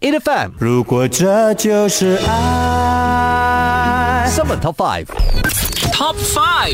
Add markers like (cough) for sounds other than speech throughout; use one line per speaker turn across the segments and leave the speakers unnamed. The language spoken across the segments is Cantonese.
Ifam，如果這就是愛，新聞 Top Five，Top Five，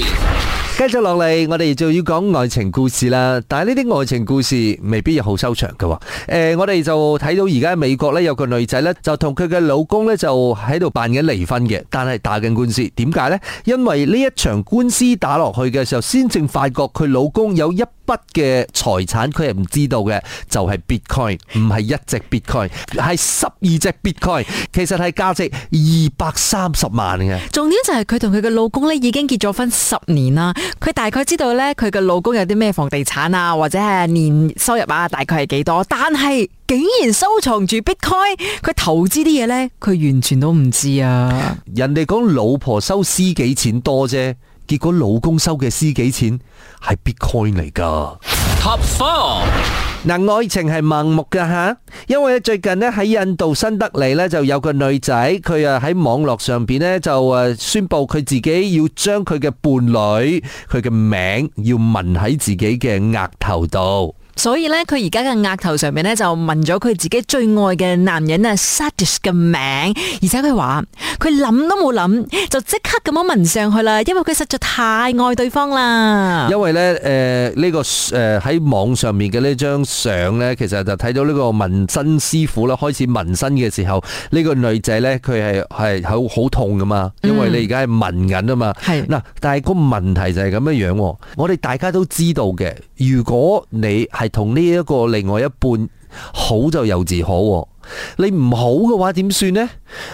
繼續落嚟，我哋就要講愛情故事啦。但係呢啲愛情故事未必有好收場嘅。誒、呃，我哋就睇到而家美國呢有個女仔呢，就同佢嘅老公呢，就喺度辦緊離婚嘅，但係打緊官司。點解呢？因為呢一場官司打落去嘅時候，先正發覺佢老公有一。筆嘅財產佢係唔知道嘅，就係 bitcoin，唔係一隻 bitcoin，係十
二隻 bitcoin，其實係價值二百三十萬嘅。重點就係佢同佢嘅老公咧，已經結咗婚十年啦，佢大概知道咧，佢嘅老公有啲咩房地產啊，或者係年收入啊，大概係幾多，但係竟然收藏住 bitcoin，佢投資啲嘢咧，佢完全都唔知啊！人哋講老婆收
私己錢多啫。結果老公收嘅私己錢係 Bitcoin 嚟噶。Top four，嗱，愛情係盲目噶吓，因為最近咧喺印度新德里呢，就有個女仔，佢啊喺網絡上邊呢，就誒宣布佢自己要將佢嘅伴侶佢嘅名要紋喺自己嘅額頭度。
所以咧，佢而家嘅額頭上面咧就紋咗佢自己最愛嘅男人啊，Sadish 嘅名，而且佢話佢諗都冇諗就即刻咁樣紋上去啦，因為佢實在太愛對方啦。因
為咧，誒呢個誒喺網上面嘅呢張相咧，其實就睇到呢個紋身師傅啦，開始紋身嘅時候，呢個女仔咧佢係係好好痛噶嘛，因為你而家係紋緊啊嘛。係嗱，但係個問題就係咁樣樣，我哋大家都知道嘅，如果你係。係同呢一個另外一半好，就由之好，你唔好嘅話點算呢？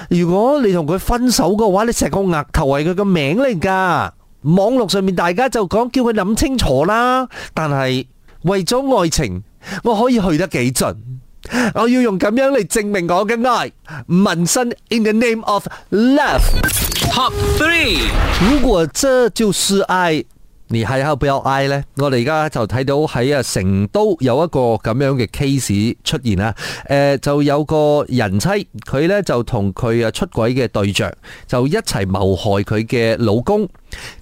如果你同佢分手嘅話，你成個額頭係佢個名嚟㗎。網絡上面大家就講叫佢諗清楚啦。但係為咗愛情，我可以去得幾盡，我要用咁樣嚟證明我嘅愛。紋身 In the name of love，Top three。如果這就是愛。而喺後邊有嗌呢，我哋而家就睇到喺啊成都有一個咁樣嘅 case 出現啦。誒、呃，就有個人妻，佢呢就同佢啊出軌嘅對象，就一齊謀害佢嘅老公。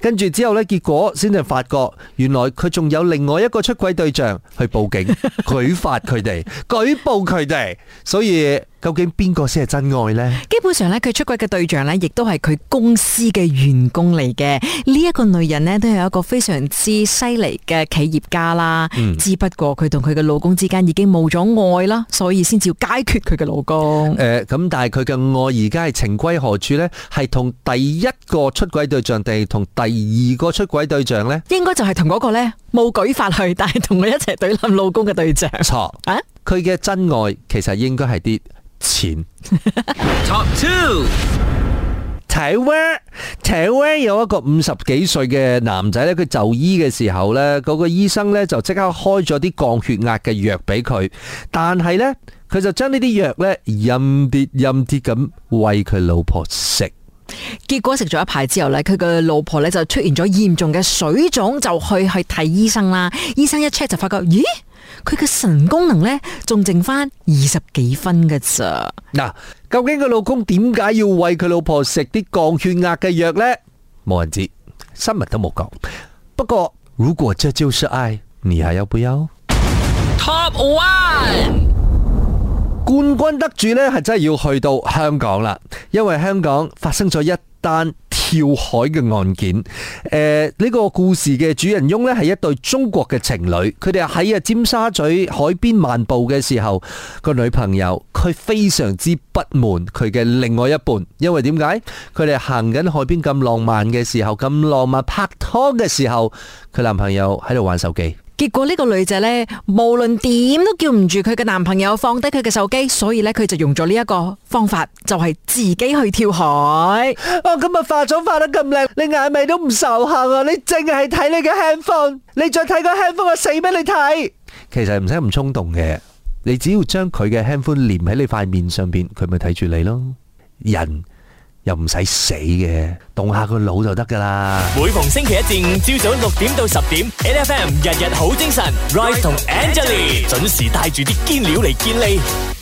跟住之後呢，結果先至發覺，原來佢仲有另外一個出軌對象去報警、 (laughs) 舉發佢哋、舉報佢哋。所以究竟邊個先係真愛呢？
基本上呢，佢出軌嘅對象呢，亦都係佢公司嘅員工嚟嘅。呢、這、一個女人呢，都係一個非常之犀利嘅企業家啦。嗯、只不過佢同佢嘅老公之間已經冇咗愛啦，所以先至要解決佢嘅老公。誒、
呃，咁但係佢嘅愛而家係情歸何處呢？係同第一個出軌對象，定同第二個出軌對象呢，
應該就係同嗰個呢，冇舉發佢，但
係同佢一齊懟冧老公嘅對象。錯錯啊！佢嘅真愛其實應該係啲錢。
Top two，
台灣台灣有一個五十幾歲嘅男仔呢，佢就醫嘅時候呢，嗰個醫生呢，就即刻開咗啲降血壓嘅藥俾佢，但係呢，佢就將呢啲藥呢，陰跌陰跌咁喂佢老婆食。
結果食咗一排之後呢，佢個老婆呢，就出現咗嚴重嘅水腫，就去去睇醫生啦。醫生一 check 就發覺，咦，佢嘅腎功能呢，仲剩翻二十幾分㗎咋？
啊？究竟個老公點解要喂佢老婆食啲降血壓嘅藥呢？冇人知，新聞都冇講。不過如果這就是愛，你還要不要
？Top One。
冠軍得主呢係真係要去到香港啦，因為香港發生咗一單跳海嘅案件。誒，呃，呢個、這個故事嘅主人翁呢係一對中國嘅情侶，佢哋喺啊尖沙咀海邊漫步嘅時候，個女朋友佢非常之不滿佢嘅另外一半，因為點解佢哋行緊海邊咁浪漫嘅時候，咁浪漫拍拖嘅時候，佢男朋友喺度玩手機。
結果呢個女仔呢，無論點都叫唔住佢嘅男朋友放低佢嘅手機，所以呢，佢就用咗呢一個方法，就係、是、自己去跳海。哦，今日化妝化得咁靚，你眼尾都唔受幸啊！你淨係睇你嘅 handphone，你再睇個 handphone，我死
俾你睇。其實唔使咁衝動嘅，你只要將佢嘅 handphone 粘喺你塊面上邊，佢咪睇住你咯。人。又唔使死嘅，動下個腦就得噶啦。每逢星
期一至五朝早六點到十點，NFM 日日好精神，Ryde 同 Angelie 準時帶住啲堅料嚟見你。